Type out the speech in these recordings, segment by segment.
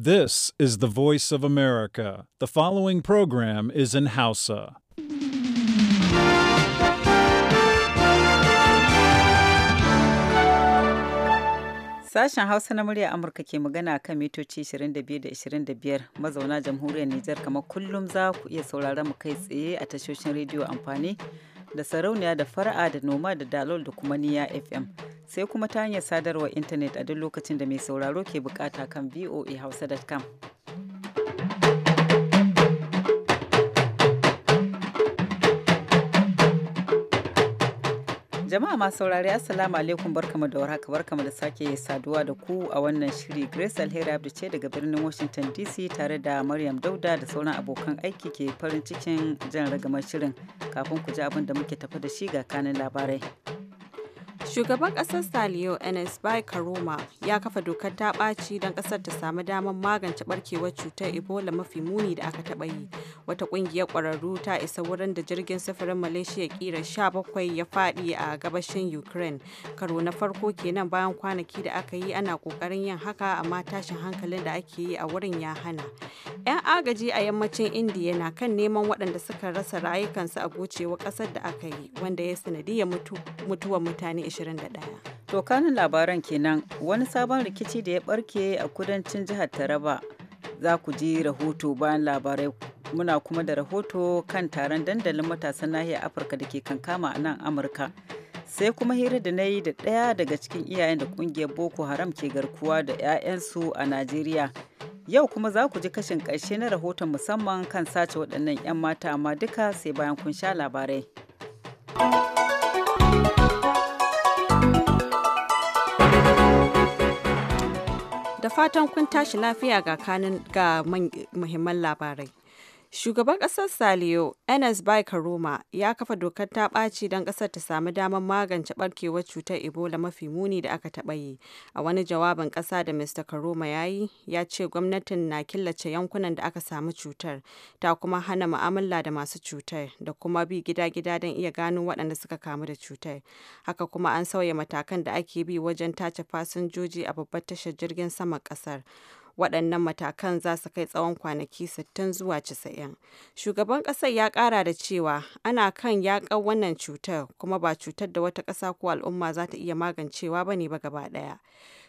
This is the voice of America. The following program is in Hausa. Sashen Hausa na murya Amurka ke magana kan mitoci 22 da 25 mazauna jamhuriyar Nijar kamar kullum za ku iya sauraron mu kai tsaye a tashoshin rediyo amfani da sarauniya da fara'a da noma da dalol da kuma niya fm sai kuma ta hanyar sadarwar intanet a duk lokacin da mai sauraro ke bukata kan voahausa.com Jama'a masu saurari Assalamu alaikum barkamu da warhaka barkamu da sake saduwa da ku a wannan shiri Grace Alheri Abdu ce daga birnin Washington DC tare da Maryam Dauda da sauran abokan aiki ke farin cikin jan ragamar shirin kafin ku ji abin da muke tafi da shi ga kanin labarai. Shugaban ƙasar Saliyo NS Bai Karoma ya kafa dokar ta ɓaci don ƙasar ta samu damar magance barkewar cutar Ebola mafi muni da aka taɓa yi. Wata ƙungiyar ƙwararru ta isa wurin da jirgin sufurin Malaysia sha 17 ya faɗi a gabashin Ukraine. Karo na farko kenan bayan kwanaki da aka yi ana ƙoƙarin yin haka amma tashin hankalin da ake yi a wurin ya hana. 'Yan agaji a yammacin Indiya na kan neman waɗanda suka rasa rayukansu a gocewa ƙasar da aka yi wanda ya sanadiyar mutuwar mutane 2021. To kanin labaran kenan wani sabon rikici da ya barke a kudancin jihar Taraba za ku ji rahoto bayan labarai muna kuma da rahoto kan taron dandalin matasan nahiyar Afirka da ke kankama a nan Amurka. Sai kuma hira da na yi da ɗaya daga cikin iyayen da ƙungiyar Boko Haram ke garkuwa da 'ya'yansu a Najeriya. Yau kuma za ku ji kashin ƙarshe na rahoton musamman kan sace waɗannan 'yan mata amma duka sai bayan kun sha labarai. Da fatan kun tashi lafiya ga kanin ga muhimman labarai. Shugaban ƙasar Saliyo, Enes Bai Karoma, ya kafa dokar ta ɓaci don ƙasar ta samu damar magance ɓarkewar cutar Ebola mafi muni da aka taɓa yi. A wani jawabin ƙasa da Mr. Karoma ya yi, ya ce gwamnatin na killace yankunan da aka samu cutar, ta kuma hana mu'amala da masu cutar, da kuma bi gida-gida don iya gano waɗanda suka kamu da cutar. Haka kuma an sauya matakan da ake bi wajen tace fasinjoji a babbar tashar jirgin saman ƙasar. waɗannan matakan za su kai tsawon kwanaki 60 zuwa 90 shugaban ƙasar ya ƙara da cewa ana kan yaƙar wannan cutar kuma ba cutar da wata ƙasa ko al'umma za ta iya magancewa ba ne ba gaba ɗaya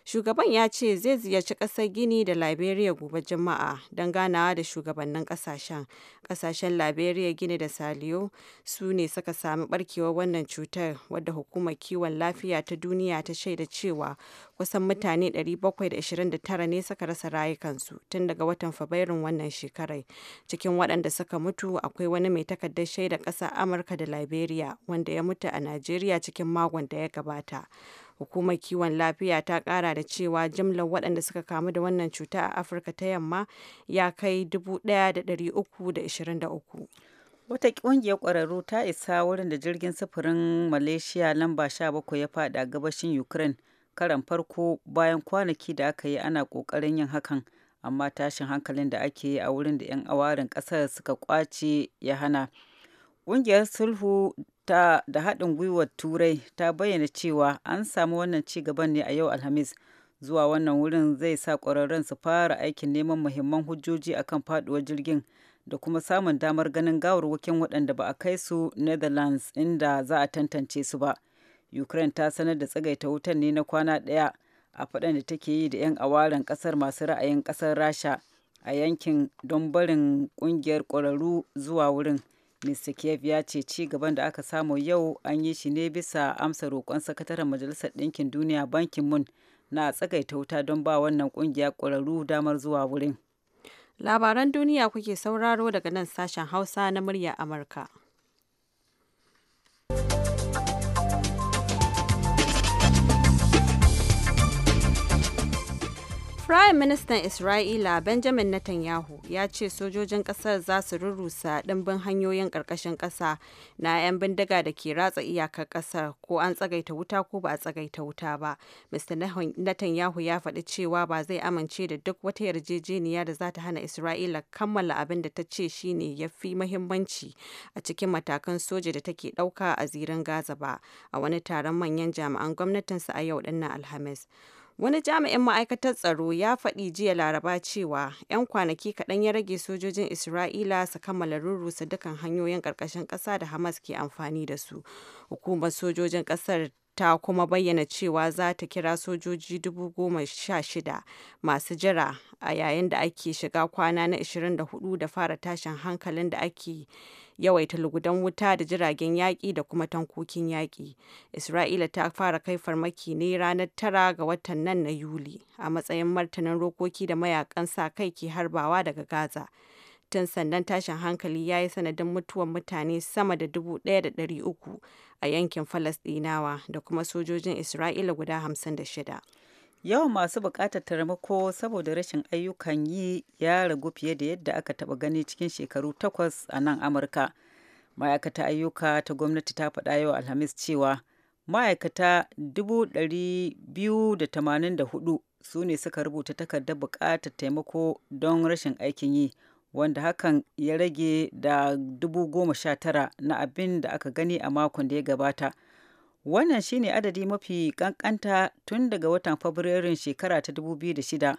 Shugaban ya ce zai ziyarci ƙasar Gini da Liberia gobe Juma'a don ganawa da shugabannin ƙasashen. Ƙasashen Liberia, Gini da Saliyo su ne suka sami barkewar wannan cutar wadda hukumar kiwon lafiya ta duniya ta shaida cewa kusan mutane 729 ne suka rasa rayukansu tun daga watan Fabrairun wannan shekarai Cikin waɗanda suka mutu akwai wani mai takardar shaida ƙasar Amurka da Liberia wanda ya mutu a nigeria cikin magon da ya gabata. Hukumar kiwon lafiya ta kara da cewa jimlar waɗanda suka kamu da wannan cuta a Afirka ta yamma ya kai 1,323. Wata ƙungiyar ƙwararru ta isa wurin da jirgin sufurin Malaysia lamba 17 ya faɗi gabashin Ukraine karan farko bayan kwanaki da aka yi ana ƙoƙarin yin hakan. amma tashin hankalin da ake yi a wurin da 'yan awarin ƙasar suka kwace ya hana ƙungiyar sulhu ta da haɗin gwiwar turai ta bayyana cewa an samu wannan ci gaban ne a yau alhamis zuwa wannan wurin zai sa ƙwararren su fara aikin neman muhimman hujjoji akan faduwar jirgin da kuma samun damar ganin gawarwakin waɗanda ba a kai su netherlands inda za a tantance su ba ukraine ta sanar da tsagaita wutan ne na kwana ɗaya a faɗan da take yi da 'yan awaren ƙasar masu ra'ayin ƙasar rasha a yankin don barin ƙungiyar ƙwararru zuwa wurin Mr. Kiev ya ce ci gaban da aka samu yau an yi shi ne bisa amsa roƙon sakataren Majalisar Ɗinkin Duniya Bankin Mun na tsagaita wuta don ba wannan ƙungiya ƙwararru damar zuwa wurin. Labaran duniya kuke sauraro daga nan sashen Hausa na murya Amurka. Prime minister Isra'ila Benjamin Netanyahu ya ce sojojin kasar za su rurrusa ɗimbin hanyoyin ƙarƙashin ƙasa na 'yan bindiga da ke ratsa iyakar ƙasar ko an tsagaita wuta ko ba a tsagaita wuta ba. Mr. Netanyahu ya faɗi cewa ba zai amince da duk wata yarjejeniya da za ta hana Isra'ila kammala abin da ta ce shi ne ya fi mahimmanci a cikin matakan soja da take ɗauka a zirin Gaza ba a wani taron manyan jami'an gwamnatinsa a yau ɗinnan Alhamis. Wani jami'in ma'aikatar tsaro ya faɗi jiya Laraba cewa 'yan kwanaki kaɗan ya rage sojojin Isra'ila su kammala rurrusa dukkan hanyoyin ƙarƙashin ƙasa da Hamas ke amfani da su. Hukumar sojojin ƙasar ta kuma bayyana cewa za ta kira sojoji dubu goma sha shida masu jira a yayin da ake shiga kwana na 24 da fara tashin hankalin da ake yawaita lugudan wuta da jiragen yaƙi da kuma tankokin yaƙi. Isra'ila ta fara kai farmaki ne ranar tara ga watan nan na Yuli a matsayin martanin rokoki da mayakan sa kai ke harbawa daga Gaza. tun sandan tashin hankali ya yi sanadin mutuwar mutane sama da 1,300 a yankin falasdinawa da kuma sojojin isra'ila guda 56 yawan masu bukatar taimako saboda rashin ayyukan yi ya ragu fiye da yadda aka taba gani cikin shekaru takwas a nan amurka ma'aikata ayyuka ta gwamnati ta faɗa yau alhamis cewa ma'aikata 284 su ne suka rubuta takardar bukatar taimako don rashin aikin yi wanda hakan ya rage da dubu goma sha tara na abin da aka gani a makon da ya gabata. Wannan shine adadi mafi kankanta tun daga watan Fabrairun shekara ta da shida,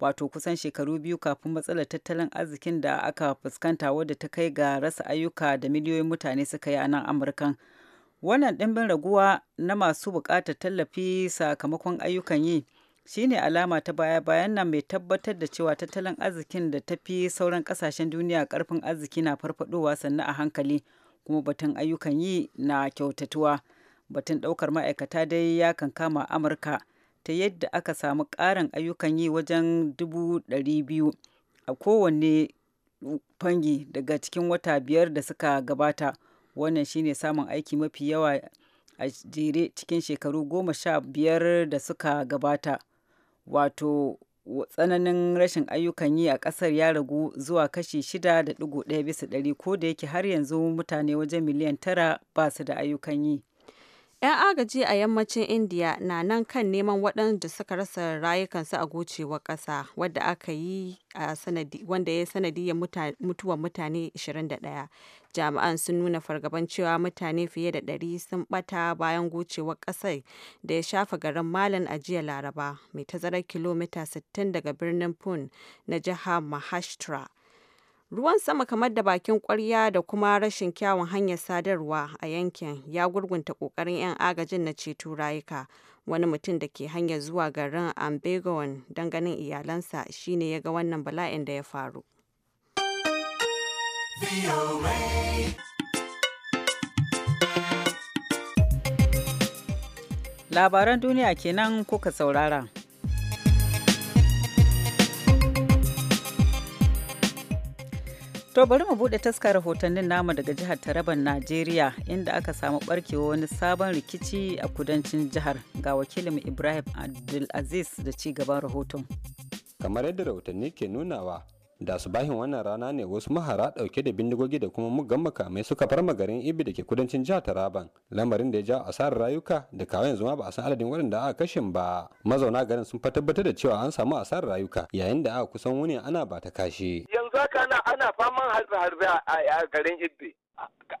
wato kusan shekaru biyu kafin matsalar tattalin arzikin da aka fuskanta wadda ta kai ga rasa ayyuka da miliyoyin mutane suka yi a nan Amurkan. Wannan ɗimbin raguwa na masu buƙatar tallafi sakamakon ayyukan yi. shine alama ta baya-bayan nan mai tabbatar da cewa tattalin arzikin da ta fi sauran kasashen duniya karfin arziki na farfadowa sannu a hankali kuma batun ayyukan yi na kyautatuwa batun daukar ma'aikata dai ya kankama amurka ta yadda aka samu karin ayyukan yi wajen dubu biyu a kowane fangi daga cikin wata biyar da suka gabata wannan shine samun aiki mafi yawa a jere cikin shekaru goma sha biyar da suka gabata wato tsananin rashin ayyukan yi a kasar ya ragu zuwa kashi 6.1 bisa ɗari ko da yake har yanzu mutane wajen miliyan tara ba su da ayyukan yi. 'Yan agaji a yammacin Indiya na nan kan neman waɗanda suka rasa rayukansu a gocewar ƙasa wadda aka yi a sanadi wanda ya yi ya mutuwar mutane 21. Jami'an sun nuna fargaban cewa mutane fiye da 100 sun bata bayan gocewar ƙasar da ya shafa garin Malin a jiya Laraba, mai tazarar kilomita 60 daga birnin Pune na jihar Maharashtra. Ruwan sama kamar da bakin kwarya da kuma rashin kyawun hanyar sadarwa a yankin ya gurgunta kokarin 'yan agajin na ceto rayuka. Wani mutum da ke hanyar zuwa garin Ambegon don ganin iyalansa shine ya ga wannan bala'in da ya faru. Labaran duniya kenan kuka saurara. To bari mu buɗe taskar rahotannin namu daga jihar Taraban Najeriya inda aka samu barkewa wani sabon rikici a kudancin jihar ga wakilin Ibrahim Abdulaziz da ci gaban rahoton. Kamar yadda rahotanni ke nunawa da su bahin wannan rana ne wasu mahara dauke da bindigogi da kuma muggan makamai suka farma garin ibi da ke kudancin jihar taraban lamarin da ya ja asarar rayuka da kawai yanzu ma ba a san adadin waɗanda aka kashe ba mazauna garin sun fa tabbatar da cewa an samu asarar rayuka yayin da aka kusan wuni ana ba ta kashe yanzu haka ana ana faman harbe-harbe a garin ibi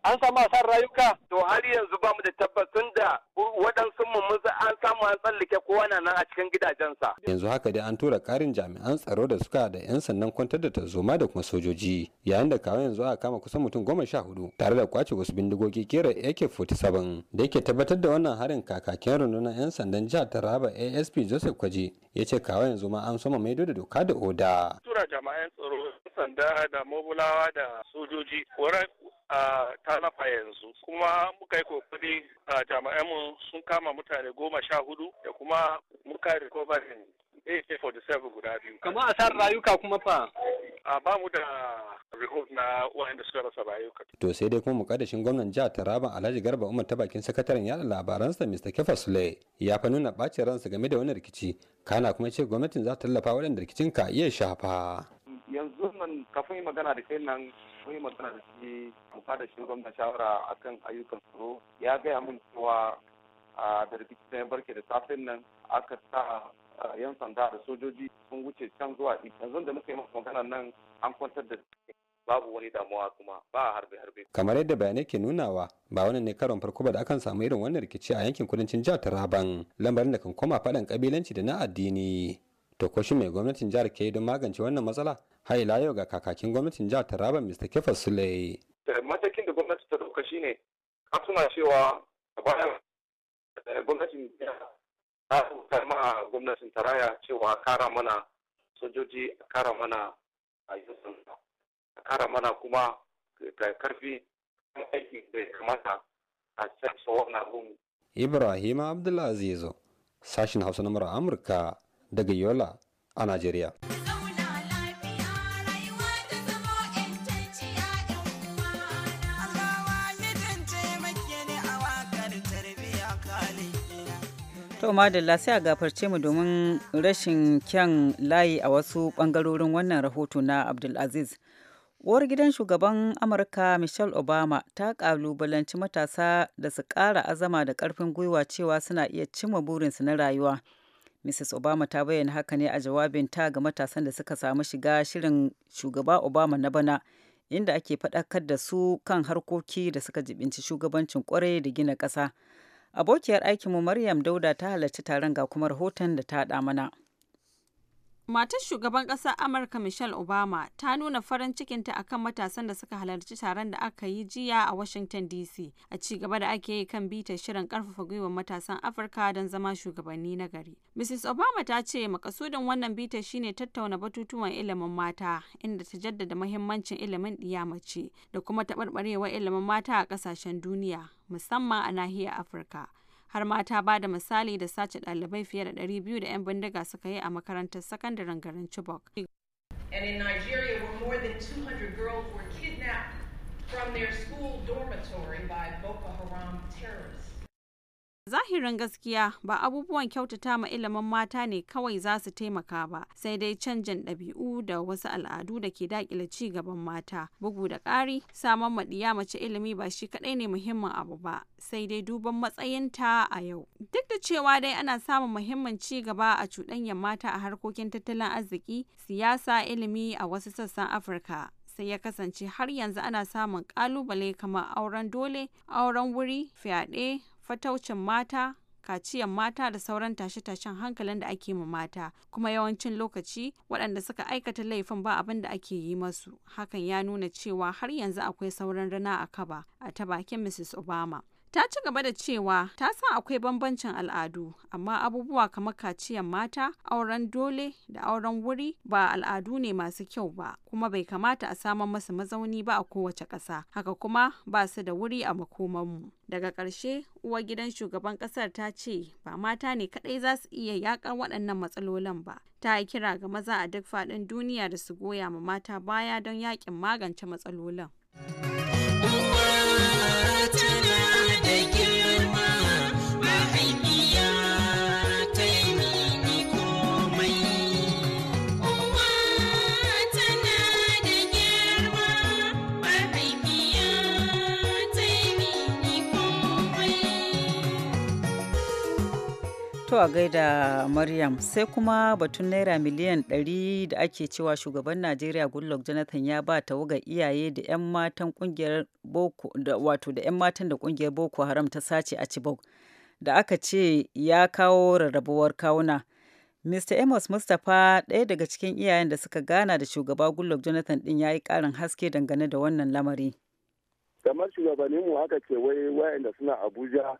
an samu asar rayuka to har yanzu ba mu da tabbacin da waɗansu mu an samu an tsallake kowa na nan a cikin gidajensa yanzu haka dai an tura karin jami'an tsaro da suka da 'yan sannan kwantar da tarzoma da kuma sojoji yayin da kawai yanzu aka kama kusan mutum goma sha hudu tare da kwace wasu bindigogi kera ak-47 da yake tabbatar da wannan harin kakakin rundunar 'yan sandan jihar taraba asp joseph kwaji ya ce kawai yanzu ma an soma maido da doka da oda tura jami'an tsaro sanda da mobulawa da sojoji tallafa yanzu kuma muka yi kokari jami'anmu sun kama mutane goma sha hudu da kuma muka recovering AK-47 guda biyu. Kamar san rayuka kuma fa? A ba mu da report na wa'anda suka rasa rayuka. To sai dai kuma mukaddashin gwamnan jihar Taraba Alhaji Garba Umar ta bakin sakataren yada labaransa Mr. Kefa Sule ya fa nuna bacin ransa game da wani rikici kana kuma ce gwamnatin za ta tallafa waɗanda rikicin ka iya shafa. Yanzu nan kafin magana da kai nan mun yi magana da shi mu fada shi gwamnati shawara akan ayyukan tsaro ya gaya mun cewa da rikici ya barke da safin nan aka sa yan sanda da sojoji sun wuce can zuwa yanzu da muka yi magana nan an kwantar da babu wani damuwa kuma ba harbe-harbe. Kamar yadda bayanai ke nunawa ba wannan ne karon farko ba da akan samu irin wannan rikici a yankin kudancin jihar Taraban lambarin da kan koma faɗan kabilanci da na addini. to ko shi mai gwamnatin jihar ke don magance wannan matsala har ila yau ga kakakin gwamnatin jihar taraba mr kefa sule eh, matakin da gwamnati ta dauka shine an suna cewa a bayan eh, gwamnatin ta rubuta ma gwamnatin taraya cewa kara mana sojoji a kara mana a yi a kara mana kuma karfi aiki da kamata a cikin wannan abun ibrahim abdulaziz sashin hausa na amurka daga Yola a Najeriya. To Madalla sai a gafarce mu domin rashin kyan layi a wasu ɓangarorin wannan rahoto na Abdulaziz. Uwar gidan shugaban Amurka Michelle Obama ta ƙalubalanci matasa da su ƙara azama da ƙarfin gwiwa cewa suna iya cimma burinsu na rayuwa. Mrs. Obama ta bayyana haka ne a jawabinta ga matasan da suka samu shiga shirin shugaba Obama na bana, inda ake faɗakar da su kan harkoki da suka jibinci shugabancin kwarai da gina ƙasa. Abokiyar aikinmu Maryam Dauda ta halarci taron ga kuma rahoton da ta haɗa mana. Matar shugaban ƙasar Amurka Michelle Obama ta nuna farin cikinta akan matasan da suka halarci taron da aka yi jiya a Washington DC a ci gaba da ake yi kan bitar shirin ƙarfafa gwiwar matasan Afirka don zama shugabanni na gari. Mrs. Obama ta ce makasudin wannan bitar shine tattauna batutuwan ilimin mata inda ta jaddada mahimmancin ilimin ɗiya mace da kuma taɓarɓarewar ilimin mata a ƙasashen duniya musamman a nahiyar Afirka. har ba da misali da sace fiye da 200 da 'yan bindiga suka yi a makarantar sakandaren garin Chibok. And in Nigeria, where more than 200 girls were kidnapped from their school dormitory by Boko Haram terrorists. Zahirin gaskiya ba abubuwan kyautata ma ilimin mata ne kawai za su taimaka ba, sai dai canjin ɗabi'u da wasu al'adu da ke daƙile ci gaban mata. Bugu da ƙari, samun maɗiya mace ilimi ba shi kaɗai ne muhimmin abu ba, sai dai duban matsayinta a yau. Duk da cewa dai ana samun muhimmin ci gaba a cuɗanyar mata a harkokin tattalin arziki, siyasa, ilimi a wasu sassan Afirka. sai ya kasance har yanzu ana samun ƙalubale kamar auren dole, auren wuri, fyaɗe, fataucin mata kaciyan mata da sauran tashe-tashen hankalin da ake ma mata kuma yawancin lokaci waɗanda suka aikata laifin ba abin da ake yi masu hakan ya nuna cewa har yanzu akwai sauran rana a kaba a ta bakin mrs obama ta ci gaba da cewa ta san akwai bambancin al'adu amma abubuwa kamar kaciyan mata auren dole da auren wuri ba al'adu ne masu kyau ba kuma bai kamata a saman masu mazauni ba a kowace ƙasa haka kuma ba su da wuri a makomanmu daga ƙarshe uwa gidan shugaban ƙasar ta ce ba mata ne kaɗai za su iya yakar waɗannan matsalolin ba ta yi kira ga maza a duk faɗin duniya da su goya ma mata baya don yaƙin magance matsalolin. a gaida Maryam sai kuma batun naira miliyan 100 da ake cewa shugaban Najeriya Goodluck Jonathan ya ba ta wuga iyaye da 'yan matan kungiyar Boko da wato da 'yan matan da kungiyar Boko Haram ta sace a Chibok da aka ce ya kawo rarrabuwar kawuna. Mr. Amos Mustapha ɗaya daga cikin iyayen da suka gana da shugaba Goodluck Jonathan din ya yi ƙarin haske dangane da wannan lamari. Kamar shugabanninmu haka ce wai wayanda suna Abuja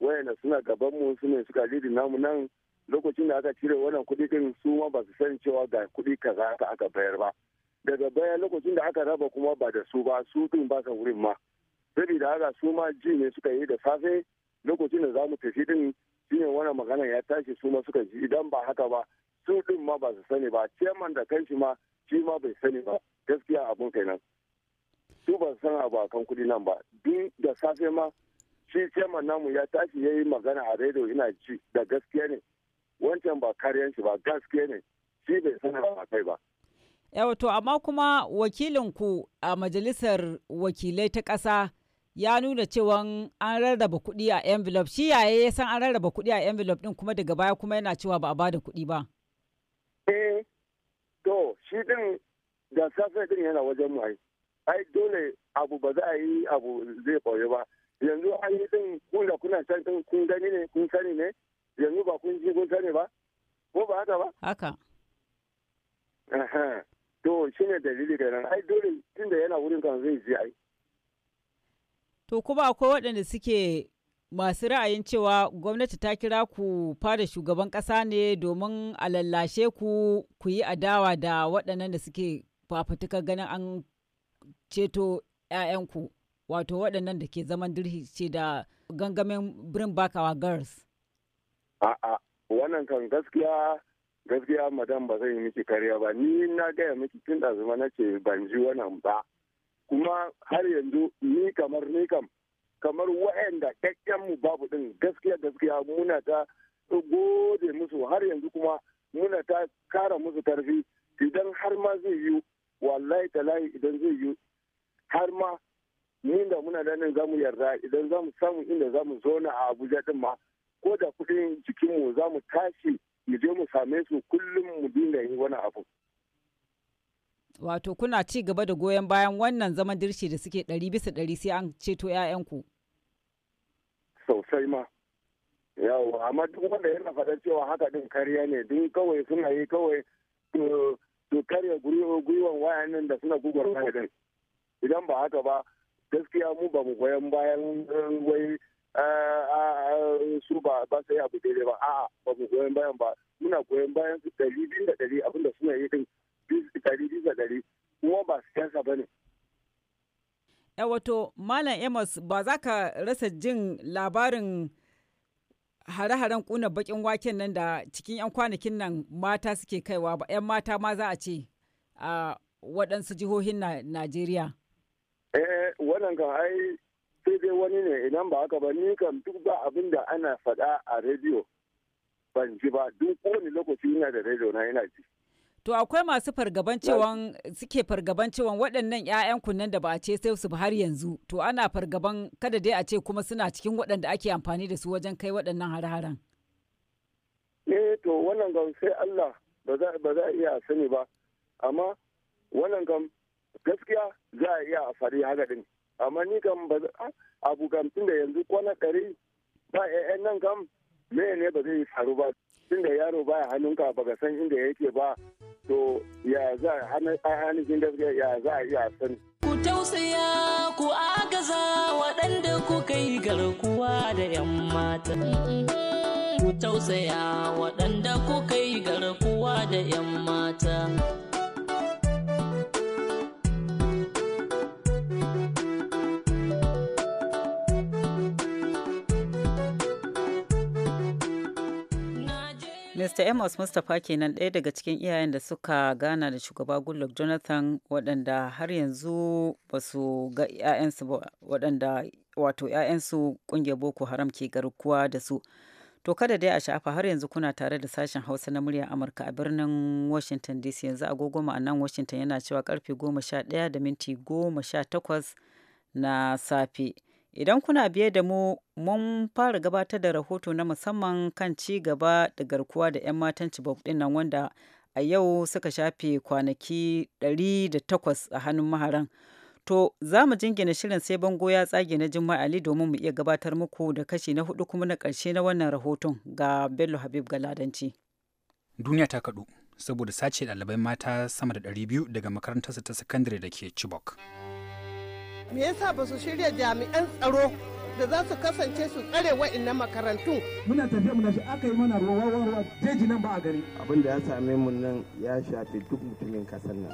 wayanda suna gaban mu su ne suka namu nan lokacin da aka cire wannan kuɗi din su ma ba su san cewa ga kuɗi kaza aka aka bayar ba daga baya lokacin da aka raba kuma ba da su ba su din ba sa wurin ma saboda haka su ma ji ne suka yi da safe lokacin da za mu tafi din shine wannan magana ya tashi su ma suka ji idan ba haka ba su din ma ba su sani ba ciyaman da kanshi ma shi ma bai sani ba gaskiya abun kenan su ba su san abu a kan kuɗi nan ba duk da safe ma shi chairman namu ya tashi ya yi magana a rediyo ina ci da gaskiya ne wancan ba karyan shi ba gaskiya ne shi bai sanar ba kai ba yawa amma kuma wakilin ku a majalisar wakilai ta ƙasa ya nuna cewa an rarraba kuɗi a envelope shi yaye ya san an rarraba kuɗi a envelope din kuma daga baya kuma yana cewa ba a bada kuɗi ba eh to shi din da safe din yana wajen mu ai dole abu ba za a yi abu zai ɓoye ba yanzu an yi kun da kuna san kun gani ne kun sani ne yanzu ba kun ji kun sani ba ko ba haka ba haka to shi ne dalili da nan ai dole tunda yana wurin kan zai ji ai to kuma akwai waɗanda suke masu ra'ayin cewa gwamnati ta kira ku fara shugaban ƙasa ne domin a lallashe ku ku yi adawa da waɗannan da suke fafutuka ganin an ceto 'ya'yanku. wato waɗannan da ke zaman ce da gangamin birin bakawa girls a'a wannan kan gaskiya gaskiya madam ba zai yi miki karya ba ni na gaya miki tun da zama na ce ban ji wannan ba kuma har yanzu ni kamar ni kam kamar waɗanda kyakkyan mu babu ɗin gaskiya gaskiya muna ta gode musu har yanzu kuma muna ta kara musu tarfi idan har ma zai yi wallahi talahi idan zai yi har ma ni da muna da nan zamu yarda idan zamu samu inda zamu zauna a Abuja din ma ko da kudin mu zamu tashi mu je mu same su kullum mu dinga yin wani abu wato kuna ci gaba da goyon bayan wannan zaman dirshi da suke ɗari bisa ɗari sai an ceto 'ya'yanku sosai ma yawo amma duk wanda yana faɗa cewa haka din kariya ne duk kawai suna yi kawai to karya gwiwan wayannan da suna gugar din idan ba haka ba gaskiya mu ba mu goyon bayan eh, wai eh, eh, su ba ba su yi abu daidai ba a'a ba mu goyon bayan ba muna goyon bayan su dari biyu da dari abinda suna yi din dari biyu da dari kuma ba siyasa ba ne. wato malam amos ba za ka rasa jin labarin hare-haren kuna bakin waken nan da cikin 'yan kwanakin nan mata suke kaiwa ba 'yan mata ma za a ce a waɗansu jihohin najeriya eh wannan kan ai sai dai wani ne idan ba haka ba ni kan duk ba abin da ana faɗa a rediyo ban ji ba duk kowane lokaci ina da rediyo na yana ji To akwai masu fargaban suke fargaban cewan waɗannan 'ya'yan kunnen da ba a ce sai su har yanzu to ana fargaban kada dai a ce kuma suna cikin waɗanda ake amfani da su wajen kai waɗannan har-haren. Eh to wannan kan sai Allah ba za a iya sani ba amma wannan gam gaskiya za a iya a fari haka din amma ni kam ba abu kam tunda yanzu kwana kare ba ƴaƴan nan kam me ne ba zai faru ba tunda yaro baya hannunka ba ga san inda yake ba to ya za a hannun gaskiya ya za a iya sani. ku tausaya ku agaza waɗanda ku kai garkuwa da 'yan mata. Ku tausaya waɗanda ku kai garkuwa da 'yan mata. Mr. Amos Mustapha kenan ɗaya daga cikin iyayen da suka gana da shugaba Goodluck Jonathan waɗanda har yanzu ba su ga 'ya'yansu ba waɗanda wato 'ya'yansu ƙungiyar Boko Haram ke garkuwa da su. To kada dai a sha'afa har yanzu kuna tare da sashen Hausa na muryar Amurka a birnin Washington DC yanzu agogo nan Washington yana cewa karfe goma sha ɗaya da minti goma sha takwas na safe. Idan kuna biye da mu, mun fara gabatar da rahoto na musamman kan ci gaba da garkuwa da 'yan matan cibok dinnan wanda a yau suka shafe kwanaki 108 a hannun maharan. To, za mu jingina shirin sai bango ya tsage na Juma'a Ali domin mu iya gabatar muku da kashi na hudu kuma na karshe na wannan rahoton ga Bello Habib Galadanci. Duniya ta kaɗu saboda sace ɗalibai mata sama da 200 daga makarantarsa ta sakandare da ke Chibok. me yasa ba su shirya jami'an tsaro da za su kasance su tsare wa'annan makarantun. Muna tafiya muna shi aka yi mana ruwa ruwa ruwa jeji nan ba a gari. Abin da ya same mu nan ya shafe duk mutumin kasar nan.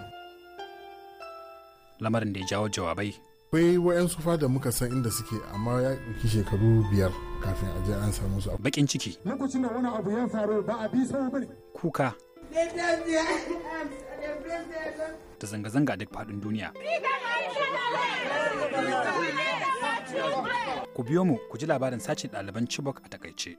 Lamarin da ya jawo jawabai. Akwai wa'yansu da muka san inda suke amma ya ɗauki shekaru biyar kafin a je an samu su. Bakin ciki. Lokacin da wani abu ya faru ba a bi sau bane. Kuka. da zanga-zanga duk faɗin duniya. Ku biyo mu ku ji labarin sacin ɗaliban Chibok a takaice.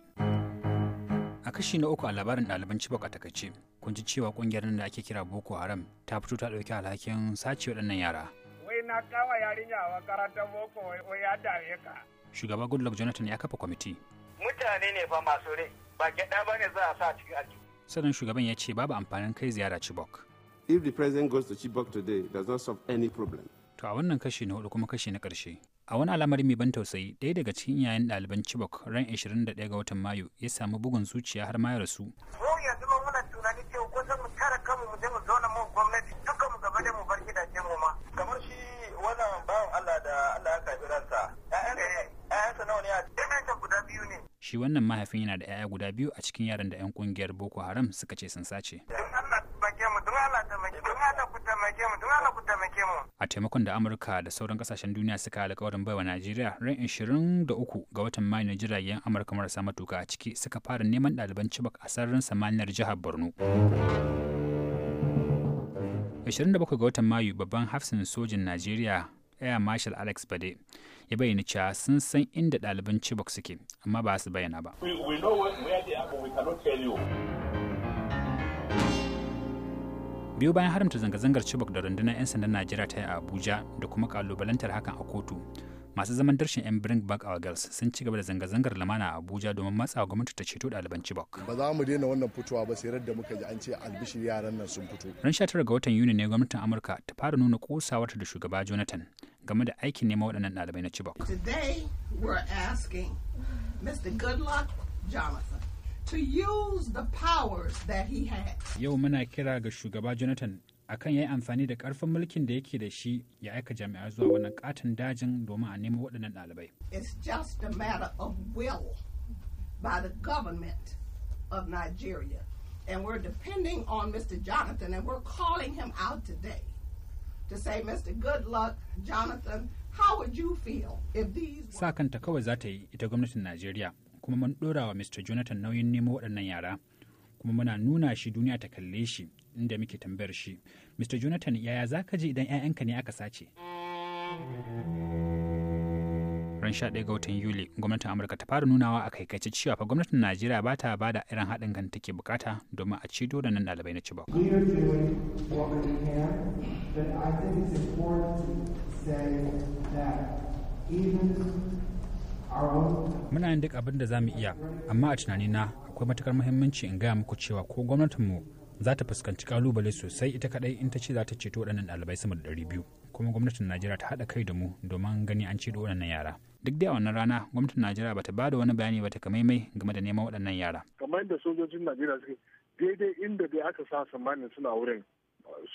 A kashi na uku a labarin ɗaliban Chibok a takaice, kun ji cewa ƙungiyar nan da ake kira Boko Haram ta fito ta ɗauki alhakin sace waɗannan yara. Wai na kawa yarinya a makarantar Boko wai ya dare ka. Shugaba Goodluck Jonathan ya kafa kwamiti. Mutane ne fa masu rai, ba gyaɗa ba ne za a sa cikin aljihu. sannan shugaban ya ce babu amfanin kai ziyara Chibok. If the president goes to Chibok today, does not solve any problem. To a wannan kashi na hudu kuma kashi na ƙarshe. A wani alamar mai ban tausayi, ɗaya daga cikin yayan ɗaliban Chibok ran 21 ga watan Mayu ya samu bugun zuciya har ma ya rasu. Mu yanzu ba muna tunani cewa ko mu tara kanmu mu je mu zauna mu gwamnati duka mu gaba da mu bar gidajen mu ma. Kamar shi wannan bawan Allah da Allah ya karɓi ransa. ‘Ya'yansa eh. nawa ne a shi wannan mahaifin yana da 'ya'ya guda biyu a cikin yaran da 'yan kungiyar boko haram suka ce sun sace a taimakon da amurka da sauran kasashen duniya suka alkawarin baiwa najeriya ran 23 ga watan mayu na jiragen amurka marasa matuka a ciki suka fara neman ɗaliban cibak a sararin samaniyar jihar borno 27 ga watan mayu babban hafsin sojin najeriya air marshal alex bade ya bayyana cewa sun san inda ɗaliban chibok suke amma ba su bayyana ba biyu bayan haramta zanga-zangar chibok da rundunar 'yan sandan najeriya ta yi a abuja da kuma kalubalantar hakan a kotu masu zaman darshin 'yan bring back our girls sun ci gaba da zanga-zangar lamana a abuja domin matsa gwamnati ta ceto ɗaliban chibok ba za mu daina wannan fitowa ba sai da muka ji an ce albishir yaran nan sun fito ran 19 ga watan yuni ne gwamnatin amurka ta fara nuna kosawarta da shugaba jonathan game da aikin neman waɗannan ɗalibai na chibok today we're asking mr goodluck jonathan to use the powers that he has yau muna kira ga shugaba jonathan akan ya yi amfani da karfin mulkin da yake da shi ya aika jami'a zuwa wannan katon dajin domin a nemo waɗannan ɗalibai. It's just a matter of will by the government of Nigeria. And we're depending on Mr. Jonathan and we're calling him out today to say, Mr. Good luck, Jonathan, how would you feel if these... Sa kanta kawai za ta yi ita gwamnatin Najeriya kuma mun ɗora wa Mr. Jonathan nauyin nemo waɗannan yara. kuma muna nuna shi duniya ta kalle shi inda muke tambayar shi mr jonathan yaya za ka ji idan 'ya'yanka ne aka sace ran 11 ga watan yuli gwamnatin amurka ta fara nunawa a kaikace cewa fa gwamnatin najeriya ba ta ba da irin haɗin kan take bukata domin a cido da nan ɗalibai na ci chibok muna yin duk abin da za mu iya amma a tunanina akwai matukar muhimmanci in gaya muku cewa ko gwamnatinmu za ta fuskanci kalubale sosai ita kadai in ta ce za ta ceto waɗannan ɗalibai sama da ɗari biyu kuma gwamnatin najeriya ta haɗa kai da mu domin gani an ceto waɗannan yara duk da wannan rana gwamnatin najeriya bata ba da wani bayani ba ta kamaimai game da neman waɗannan yara kamar yadda sojojin najeriya suke daidai inda dai aka sa samanin suna wurin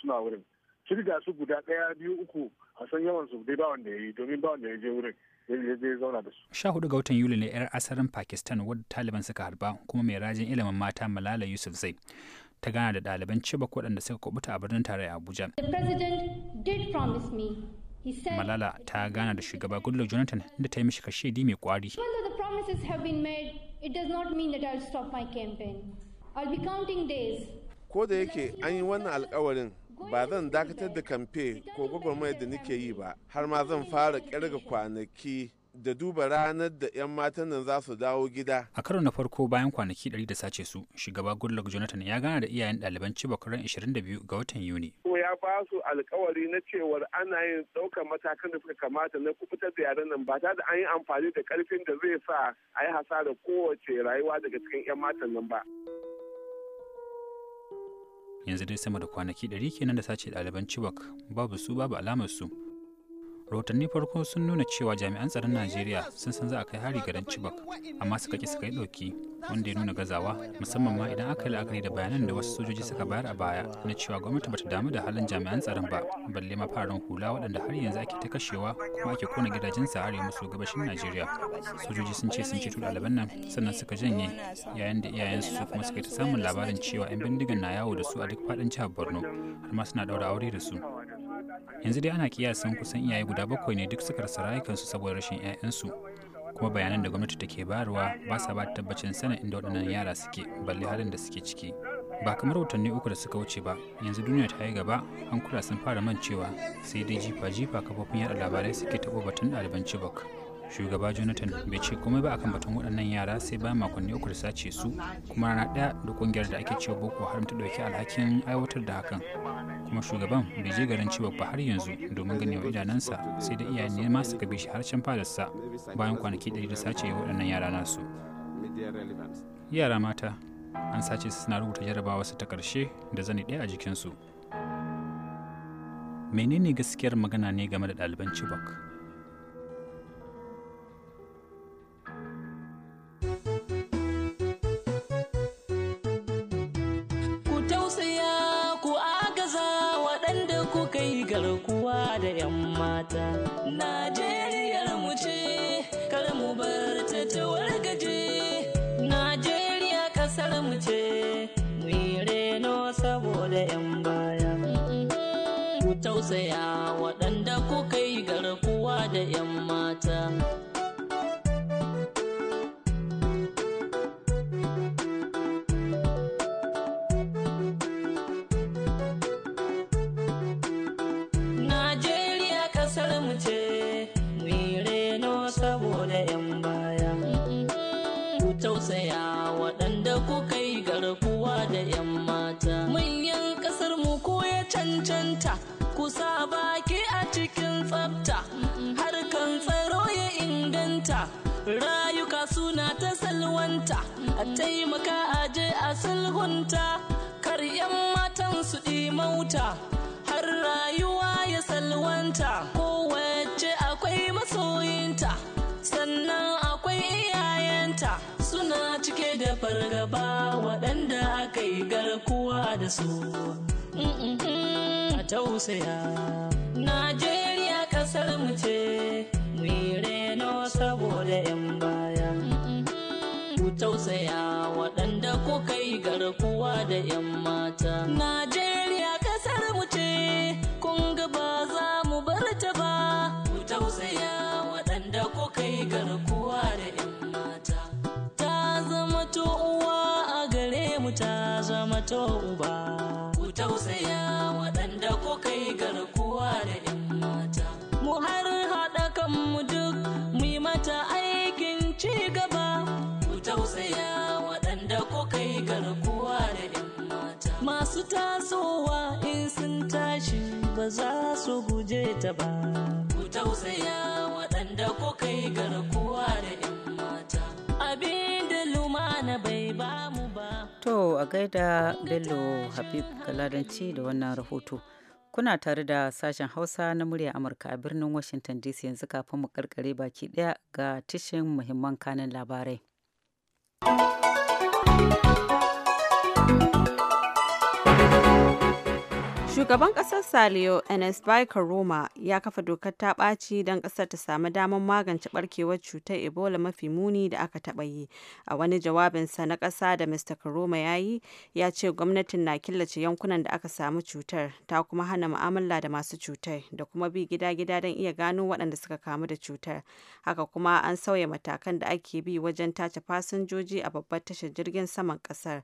suna wurin kirga su guda ɗaya biyu uku a san yawan su dai ba wanda ya yi domin ba wanda ya je wurin zai Sha hudu ga watan Yuli ne 'yar asarin Pakistan wadda Taliban suka harba kuma mai rajin ilimin mata Malala Yusuf Zai ta gana da ɗaliban Chibok waɗanda suka kubuta a birnin tarayya Abuja. Malala ta gana da shugaba Goodluck Jonathan da ta yi mishi di mai kwari. Ko da yake an yi wannan alkawarin ba zan dakatar da kamfe ko gwagwarmaya da nike yi ba har ma zan fara kirga kwanaki da duba ranar da 'yan matan nan za su dawo gida. A karo na farko bayan kwanaki 100 da sace su, shugaba Goodluck Jonathan ya gana da iyayen ɗaliban bakwai ran 22 ga watan Yuni. Ko ya ba su alkawari na cewar ana yin ɗaukar matakan da suka kamata na kubutar da yaran nan ba ta da an yi amfani da karfin da zai sa a yi hasarar kowace rayuwa daga cikin 'yan matan nan ba. yanzu dai sama da kwanaki ɗari kenan da sace ɗaliban chibok babu su babu alamar su rahotanni farko sun nuna cewa jami'an tsaron najeriya sun san za a kai hari garin chibok amma suka ƙi suka yi ɗauki wanda ya nuna gazawa musamman ma idan aka yi la'akari da bayanan da wasu sojoji suka bayar a baya na cewa gwamnati bata damu da halin jami'an tsaron ba balle ma fararen hula waɗanda har yanzu ake ta kashewa kuma ake kona gidajen sa arewa maso gabashin Najeriya sojoji sun ce sun ceto ɗaliban nan sannan suka janye yayin da iyayensu su kuma suka yi ta samun labarin cewa 'yan bindigan na yawo da su a duk faɗin jihar Borno har ma suna ɗaura aure da su yanzu dai ana kiyasin kusan iyaye guda bakwai ne duk suka rasa rayukansu saboda rashin 'ya'yansu kuma bayanan da gwamnati take bayarwa ba sa ba tabbacin sanin inda waɗannan yara suke balle halin da suke ciki ba kamar watanni uku da suka wuce ba yanzu duniya ta yi gaba an kula sun fara mancewa sai dai jifa-jifa kafofin yada labarai suke taɓo batun ɗaliban cibok. shugaba jonathan bai ce komai ba akan batun waɗannan yara sai bayan makonni uku da sace su kuma rana ɗaya da ƙungiyar da ake cewa boko haram ta ɗauki alhakin aiwatar da hakan kuma shugaban bai je garin ciwo ba har yanzu domin ganewa idanunsa sai da iyayen ne ma suka bi shi har can fadarsa bayan kwanaki ɗari da sace waɗannan yara nasu yara mata an sace su suna rubuta jarabawa su ta ƙarshe da zani ɗaya a jikinsu menene gaskiyar magana ne game da ɗaliban chibok Najeriya Najeriyar mu ce kar mu bar ta ta Najeriya kasar mu ce mu yi reno saboda 'yan baya ku tausaya waɗanda kuka yi garkuwa da 'yan mata da su a tausaya najeriya kasar mu ce mu reno saboda 'yan baya ku tausaya waɗanda kuka yi garkuwa da 'yan mata najeriya kasar mu ce kun ga ba za mu bar ta ba ku tausaya waɗanda kuka yi garkuwa da 'yan mata ta zama to uwa a gare mu ta zama to tasowa in sun tashi ba za su guje ta ba. Ku tausaya waɗanda ko kai garkuwa da 'yan mata. Abin da lumana bai ba mu ba. To a gaida Bello Habib Galadanci da wannan rahoto. Kuna tare da sashen Hausa na murya Amurka a birnin Washington DC yanzu kafin mu karkare baki ɗaya ga tishin muhimman kanin labarai. Shugaban ƙasar Saliyo bai Roma ya kafa dokar ta ɓaci don ƙasar ta samu damar magance ɓarkewar cutar Ebola mafi muni da aka taɓa yi. A wani jawabinsa na ƙasa da Mr. Karoma ya yi, ya ce gwamnatin na killace yankunan da aka samu cutar, ta kuma hana mu'amala da masu cutar, da kuma bi gida-gida don iya gano waɗanda suka kamu da cutar. Haka kuma an sauya matakan da ake bi wajen tace fasinjoji a babbar tashar jirgin saman ƙasar.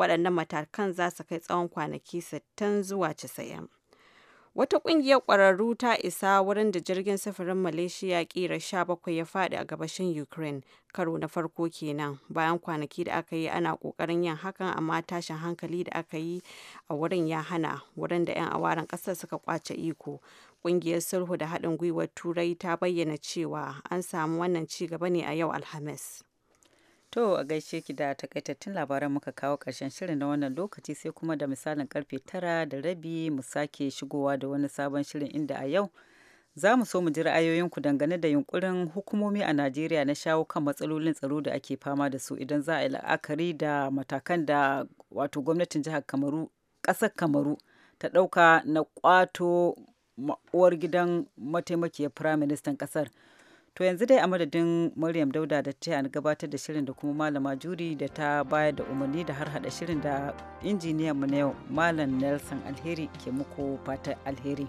waɗannan matakan za su kai tsawon kwanaki 60 zuwa 90 wata ƙungiyar ƙwararru ta isa wurin da jirgin sufurin malaysia ƙira 17 ya faɗi a gabashin ukraine karo na farko kenan bayan kwanaki da aka yi ana ƙoƙarin yin hakan amma tashin hankali da aka yi a wurin ya hana wurin da 'yan awaren ƙasar suka kwace iko ƙungiyar sulhu da haɗin gwiwar turai ta bayyana cewa an samu wannan ci gaba ne a yau alhamis To a gaishe ki da takaitattun labaran muka kawo ƙarshen shirin na wannan lokaci sai kuma da misalin karfe tara da rabi mu sake shigowa da wani sabon shirin inda a yau za mu so mu ji ra'ayoyinku dangane da yunkurin hukumomi a Najeriya na shawo kan matsalolin tsaro da ake fama da su idan za a yi la'akari da matakan da wato gwamnatin jihar Kamaru ƙasar Kamaru ta ɗauka na ƙwato uwar gidan mataimakiyar firaministan ƙasar. To yanzu dai a madadin Maryam Dauda da ta gabatar da shirin da kuma Malama Juri da ta bayar da umarni da har hada shirin da injiniyan mu na yau Malam Nelson Alheri ke muku fatan alheri.